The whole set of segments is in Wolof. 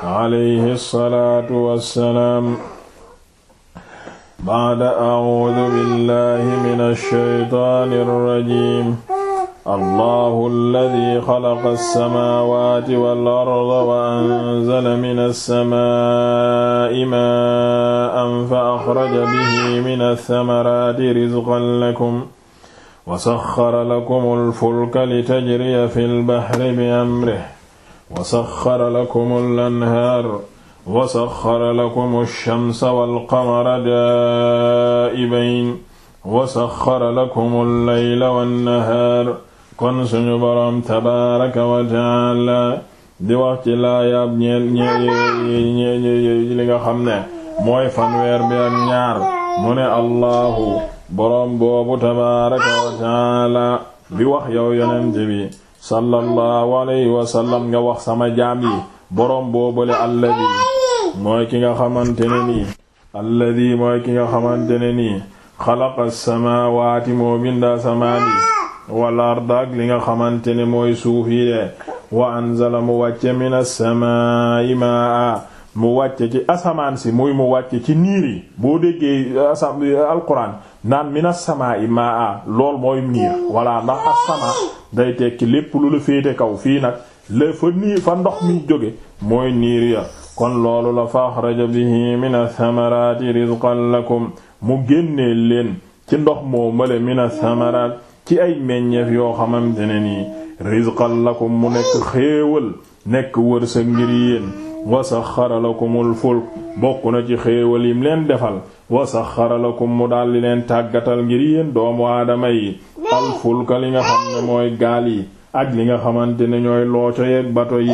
alayhi salaatu wassalaam ba'da a'uudu billahi mina shaytaani rajiim allahu alladhi xalaqa samaawaati wal arda wa anzala mina samaa'i maa'an fa axraja bihi mina samaraati rizqan lakum wa saxxara lakumul fulka litajriya fil bahri bi amrihi wa saxxara lakum al-anhaar wa saxxara lakum ash-shamsa wal-qamara daa'ibayn wa saxxara lakum al-layla wan-nahaar kon suñu boroom tabaaraka wa ta'aala di wax ci laayaab ñeel ñeel li nga xam ne mooy fanweer bi ak ñaar mu ne Allahu boroom boobu tabaaraka wa ta'aala bi wax yow yonent bi sallallahu alayhi wa sallam nga wax sama jaam yi boroom boobale ki nga xamante ne nii alladi mooy ki nga xamante ne nii xalaqa samaawaati bindaa samaan wal arda ak li nga xamante ne mooy suuf yi de wa anzala mu wàcce mina samaa'i maa mu wàcce ci asamaan si muy mu wàcce ci niir yi boo déggee euh, asam euh, alquran naan mina samaa i maa a lool mooy niir walla ndax asama day tekki lépp lu la féete kaw fii nag la fa niir fa ndox mi jóge mooy niir ya kon loolu la fa axraja bihi min athamarati rizqan lakum mu génnee leen ci ndox moo male min athamarat ci ay meññeef yoo xamante ne nii rizqan lakum mu nekk xéewal nekk wërsëg ngir yéen wa saxxara lakumul fulk bokk na ci xéewal yim leen defal wa saxxara lakum mu daldi leen tàggatal ngir yéen doomu aadama yi al fulka li nga xam ne mooy gaal yi ak li nga xamante ne ñooy looco yeeg bato yi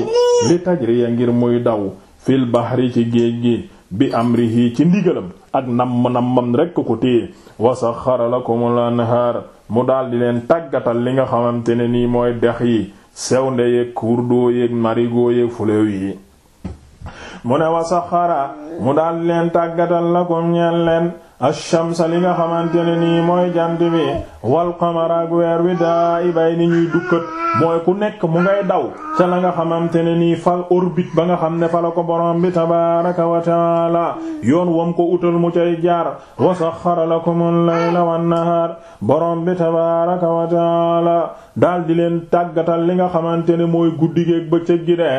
li tajriya ngir muy daw fil bahri ci géej gi bi amrihi ci ndigalam ak namm nammam rekk ko téye wa saxxara lakumul anhaar mu daldi leen tàggatal li nga xamante ne nii mooy dex yi sew yeeg cours d'eau yeeg marigot yeeg yi mu ne wa saxara mu daal leen tàggatal ko ñeen leen ash-shamsa li nga xamante ni nii mooy jant bi wal qamara ak weer wi daa ibay ni ñuy dukkat mooy ku nekk mu ngay daw ca la nga xamante ne nii fal orbite ba nga xam ne fa ko borom bi tabaraka wa taala yoon wam ko utal mu cay jaar wa saxara lakumul layla wan nahar borom bi tabaraka wa taala daal di leen tàggatal li nga xamante ne mooy guddi géeg bëccëg gi de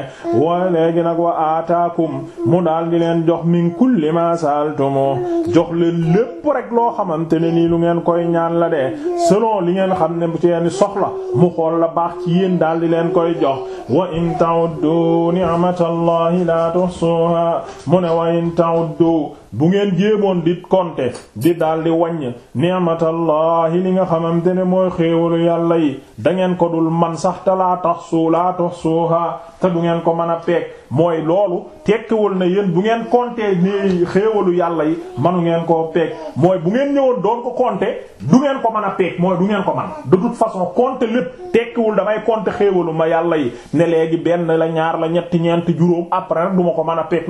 waaye léegi nag wa aataakum mu daal di leen jox min kulli ma saaltumu jox leen lépp rek loo xamante ne nii lu ngeen koy ñaan la de selon li ngeen xam ne bu ci yenn soxla mu xool la baax ci yéen daal di leen koy jox wa in ta'uddu ni'matallahi la tuhsuha mu ne wa in ta'uddu bu ngeen jéemoon di compter di daldi wàññ ni'matallahi li nga xamante ne mooy xéewalu yàlla yi dangeen ko dul man sax te laa tax suu laa tax suuha te du ngeen ko mën a peek mooy loolu tekkiwul na yéen bu ngeen compter ni xéewalu yàlla yi manu ngeen ko peek mooy bu ngeen ñëwoon doon ko compter du ngeen ko mën a peeg mooy du ngeen ko mën de façon compter lépp tekkiwul damay compter xéewalu ma yàlla yi ne léegi benn la ñaar la ñetti ñeent juróom après nag ko mën a peeg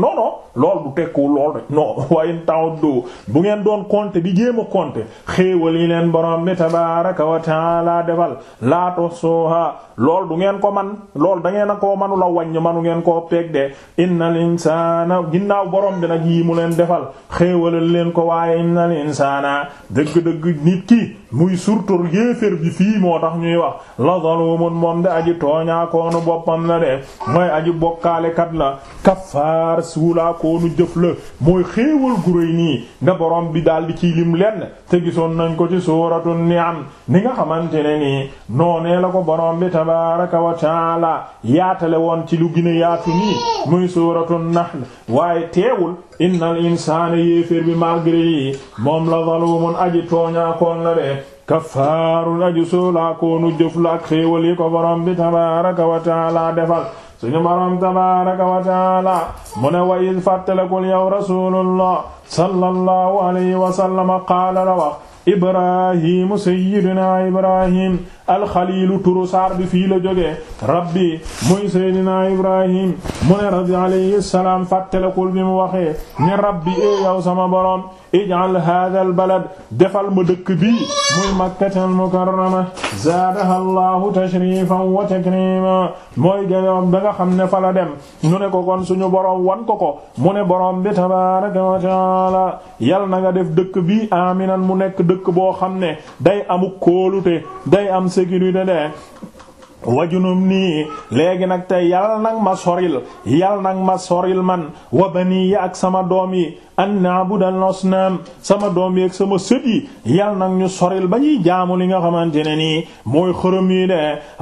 non wa in ta'uddu bu ngeen doon compter bi jéem a compter xéewal yi leen borom bi tabaaraka wa ta'aala defal laa tuhsuuhaa lool du ngeen ko man lool da ngeen a ko manu la wàññ manu ngeen koo peeg de innal insaana ginnaaw borom bi nag yii mu leen defal xéewalal leen ko waaye innal insaana dëgg-dëgg nit ki muy surtout yéeféer bi fii moo tax ñuy wax la zalumun moom de aji tooñaakoonu boppam la de mooy aji bokkaalekat la kaffaar suulaakoonu jëf la mooy xéewal gu nii nga borom bi daal di ciy lim lenn te gisoon nañ ko ci suuratu ni'am ni nga xamante nii noonee la ko borom bi tabaaraka wa taala yaatale woon ci lu gën a yaatu nii muy suuratu nahl waaye teewul innal insaana yéeféer bi malgré yi moom la zalumun aji tooñaakoon la de kaffaarun aji soolaakoonu jëf la ak xéewal yi ko borom bi tabaaraka wa taala defal suñu boroom tabaaraka wa taala mu ne wa iz fàttalakul yow rasulullah sallallahu alayhi wa sallam qaala la wax ibrahimu sayyidina ibrahim alxaliilu turu saar bi fii la jógee rabbi muy seydinaa ibrahim mu ne rabbi alayhi salaam fàttalekul bi mu waxee ne rabbi ee yow sama borom ij'al hadha balad defal ma dëkk bii muy makkatal mukarrama zaadaha llahu tashrifan wa takrima mooy gayoom ba nga xam ne fa la dem ñu ne ko kon suñu borom wan ko ko mu ne borom bi tabaraka wa taala yal na nga def dëkk bii aminan mu nekk dëkk boo xam ne day amu kóolute day am sécurité de wajunum nii léegi nag te yàlla nag ma soril yàlla nag ma soril man wa bani ya ak sama doom yi an na'budal asnam sama doom yi ak sama sët yi yàlla nag ñu soril ba ñuy jaamu li nga xamante ne nii mooy xërëm yi de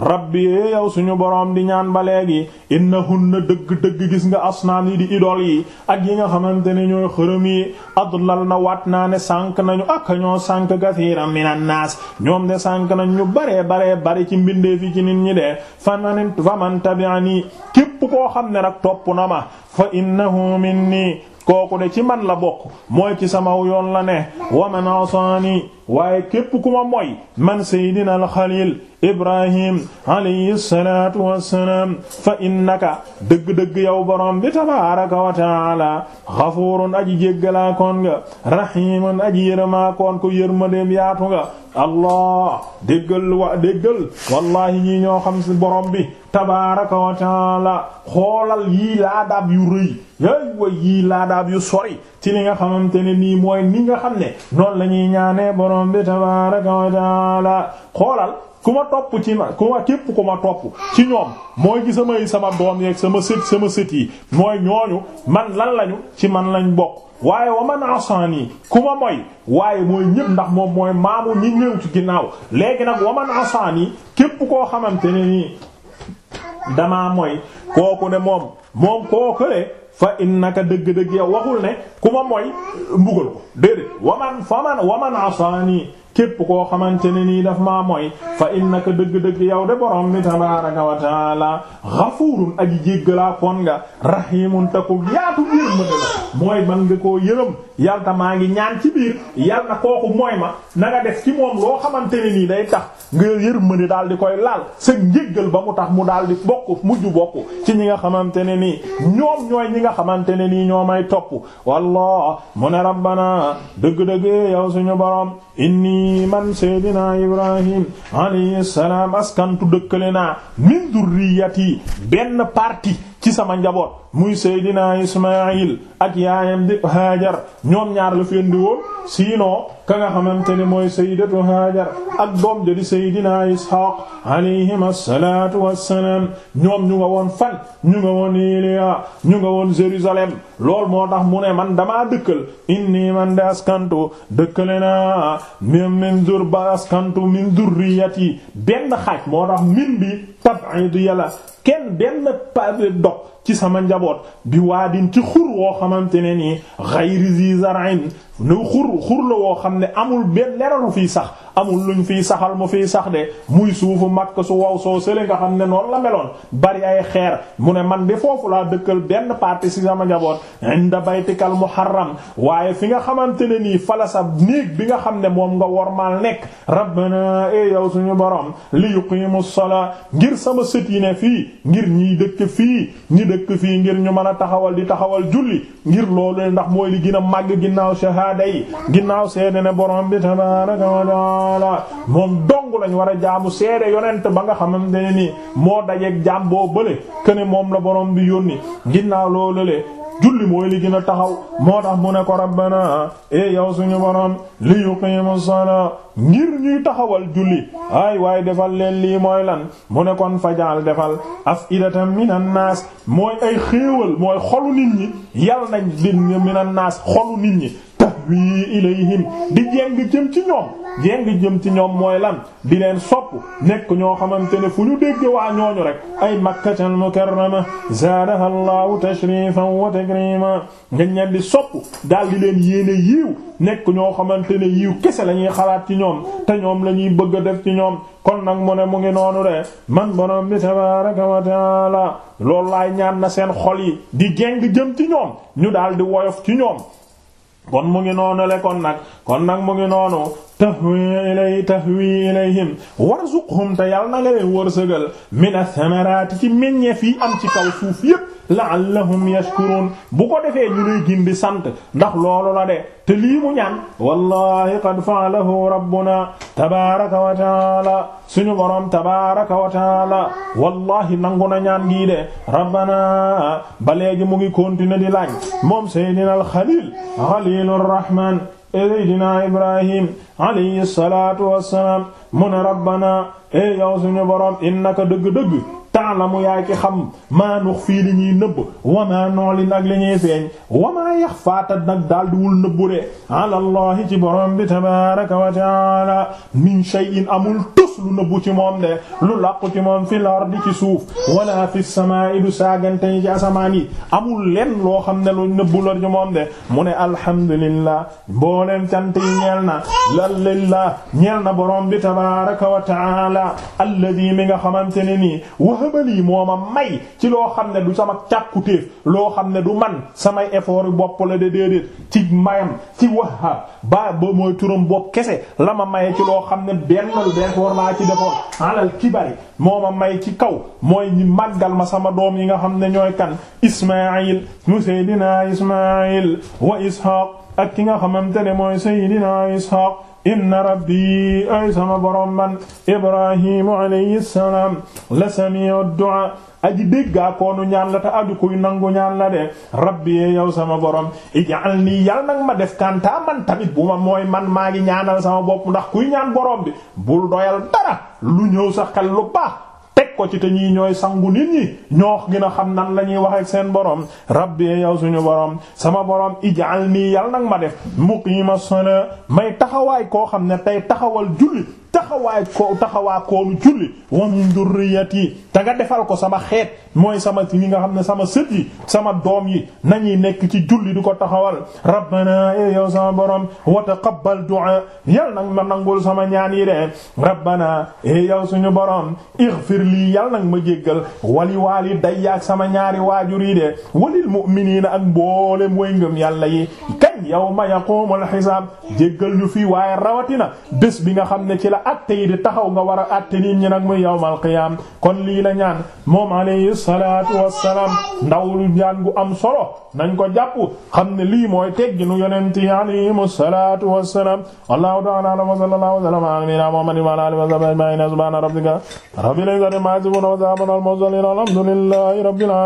rabbi yow suñu boroom di ñaan ba léegi innahunna dëgg-dëgg gis nga asnam yi di idol yi ak yi nga xamante ne ñooy xërëm yi adlal na wat naa ne sànk nañu ak ñoo sanq kathiran minan naas ñoom de sànk nañ ñu baree baree bari ci mbindeefi ñi de fananim faman tabi'ani képp koo xam ne nag topp na ma fa innahu nii kooku de ci man la bokk mooy ci sama yoon la ne wa man asani waaye képp ku ma moy man seydina alxalil ibrahim alayhi salatu wassalaam fa innaka dëgg-dëgg yow borom bi tabaraka wa taala xafuurun aji jéggalaa nga rahimun aji yërëmaa ko yërmandeem yaatu nga allah déggal wa déggal wallahi ñii ñoo xam ci borom bi tabaraka wa taala xoolal yii laadaab yu rëy yéy way yii laadaab yu sori ci li nga xamante ne nii mooy ni nga xam ne noonu la ñuy ñaanee borom bi tabaaraka wa taala xoolal ku ma topp ci ma képp ku ma topp ci ñoom mooy gi samay sama doom yeeg sama sët sama sët yi mooy ñooñu man lan lañu ci man lañ bokk waaye wa man yi ku ma moy waaye mooy ñëpp ndax moom mooy maamu ñi ñëw ci ginnaaw léegi nag wa man asani képp koo xamante ne nii damaa moy kooku ne moom moom koo kële fa innaka dëgg-dëgg yow waxul ne ku ma mooy mbugal ko déedéet waman faman waman asani képp koo xamante ne nii daf maa mooy fa innaka dëgg-dëgg yow de borom bi tabaaraka wa taala ghafuurun aji jéggalaa kon nga rahiimun taku yaatu biir ma dëla mooy man nga koo yërëm yalta maa ngi ñaan ci biir yal kooku mooy ma na def ci moom loo xamante ne nii day tax nga yërmande daal di koy laal sa njéggal ba mu tax mu daal di bokk mujj bokk ci ñi nga xamante ne nii ñoom ñooy ñi nga xamante ne nii ñoo may topp wallah mu ne rabbana dëgg-dëgg yow suñu borom nii man seydinaa ibrahim alayhi salaam askantu dëkkale naa min durriyati benn ci sama njaboot muy Seydina Ismaïl ak yaayam di Hajar ñoom ñaar la fi indi woon sinon ka nga xamante ne mooy Sayyidatu Hajar ak doom ji di Seydina Ishaq alayhim assalaatu wassalaam ñoom ñu nga woon fan ñu nga woon Iliya ñu nga woon Jérusalem lool moo tax mu ne man damaa dëkkal inni man de askantu dëkkale naa min min zur ba askantu min durriyati benn xaaj moo tax min bi tab'id yàlla kenn benn pa dog ci sama njaboot bi waadin ci xur woo xamante ne nii ghayri zi zar'in nu xur xur la woo xam ne amul benn leralu fii sax amul lu luñ fiy saxal mu fiy sax de muy suufu makk su wow soo sële nga xam ne noonu la meloon bari ay xeer mu ne man de foofu laa dëkkal benn partie si sama njaboot inda baytikal muharram waaye fi nga xamante ne nii fala sa néeg bi nga xam ne moom nga wormaal nekk rabbana e yow suñu borom li yuqimus sala ngir sama sët yi ne fii dëkk fii ngir ñu mën a taxawal di taxawal julli ngir loolu ndax mooy li gën a màgg ginnaaw shahaada yi ginnaaw seede ne borom bi tabaaraka wa taala moom dong lañ war a jaamu seede yonent ba nga xamante ne nii moo dajeeg jaam boo bële këne moom la borom bi yónni ginnaaw loolu le julli mooy li gën taxaw moo tax mu ne ko rabbana e yow suñu borom li yuqimu salaa ngir ñuy taxawal julli ay waaye defal leen lii mooy lan mu ne kon fajaal defal afidatan minan naas mooy ay xéewal mooy xolu nit ñi yal nañ di minan naas xolu nit ñi wii tahwi ilayhim di jéng jëm ci ñoom jéng jëm ci ñoom mooy lan di leen sopp nekk ñoo xamante ne fu ñu dégg waa ñooñu rek ay makkatal mukarrama zaadaha allahu tashrifan wa takrima nga ñeen di sopp daal di leen yéene yiiw nekk ñoo xamante ne yiiw kese lañuy xalaat ci ñoom te ñoom la ñuy bëgg a def ci ñoom kon nag mu ne mu ngi noonu de man borom bi tabaraka wa taala loolu laay ñaan na seen xol yi di jéng jëm ci ñoom ñu daal di woyof ci ñoom kon mu ngi noonu le kon nag kon nag mu ngi noonu tahwi ilay tahwi ilayhim warzuqhum te yàlla na nga leen wërsëgal min ath-thamaraati ci meññeef yi am ci kaw suuf yépp la'allahum yashkurun bu ko defee ñu gindi sant ndax loolola la de te lii mu wallahi qad fa'alahu rabbuna tabaaraka wa ta'ala suñu boroom tabaaraka wa ta'ala wallahi nangu na ñaan de rabbana ba mu ngi continuer di laaj moom sayyidina al-xaliil xaliilur seydinaa ibrahim alayhi salaatu wassalaam mu ne rabbana e yow suñu borom innaka dëgg-dëgg ta'lamu yaa ci xam maa nux fii li ñuy nëbb wamaa noolin ak li ñuy feeñ wamaa yax faatat nag daal diwul nëbbu de alallahi ci borom bi tabaraka wa taala min shay'in amul tus lu nëbbu ci moom de lu làqu ci moom fil ardi ci suuf wala fis samaa'i du saagante ci asamaan yi amul lenn loo xam ne lu nëbbu la ci moom de mu ne alhamdulillah mbooleen cant yi ñeel na lallillah ñeel na borom wa taala alladi mi nga xamante ne nii xëbalii moo ma ci loo xam ne du sama càkkutéef loo xam ne du man samay effort yu la de déedéet ci ba ba mooy turam bopp kese la ma maye ci loo xam ne benn lu effort laa ci defoon alal kibari moo ma may ci kaw mooy ñi màggal ma sama doom yi nga xam ne ñooy kan Ismaayil mu Seydina Ismaayil wa Ishaq ak ki nga xamante ne mooy Seydina Ishaq inna rabbi ay sama borom man ibrahimu alayhi salaam la sami'u du'a aji déggaa koonu ñaan la te aju kuy nangu ñaan la de rabbi yow sama borom ij'al nii yal nag ma def kanta man tamit bu ma mooy man maa ngi sama bopp ndax kuy ñaan borom bi bul doyal dara lu ñëw sax kal lu teg ko ci te ñii ñooy sangu nit ñi ñoo gën a xam nan la ñuy wax seen borom rabbi yow suñu borom sama borom ijaal nii yàlla nag ma def muqiima sone may taxawaay koo xam ne tey taxawal julli taxawaay ko taxawaa koonu julli wa min durriyati nga defal ko sama xeet mooy sama ñi nga xam ne sama sët yi sama doom yi nañuy nekk ci julli di ko taxawal rabbana e yow sama borom wa taqabbal du'a yal nag ma nangul sama ñaan yi de rabbana e yow suñu borom ighfir lii yal nag ma jéggal wali waali dayya ak sama ñaari waajur yi de walil mu'minina ak mboolem way ngëm yàlla yi yawma yaqumul xisaab jéggal ñu fii waaye rawatina bés xam ne ci la atte yi di taxaw nga war a atte nit ñi nag muy yawmal qiyaam kon lii la ñaan moom alayhi salaatu wassalaam ndaw lu ñaan gu am solo nañ ko jàpp xam ne lii mooy tegginu yonent yi alayhimu salaatu wassalaam wallahu ta'ala wa sallallahu wa sallama ala muhammadin wa ala alihi wa sahbihi ajma'in subhana rabbika rabbil izzati amma yasifun wa salamun alal mursalin alhamdulillahi rabbil alamin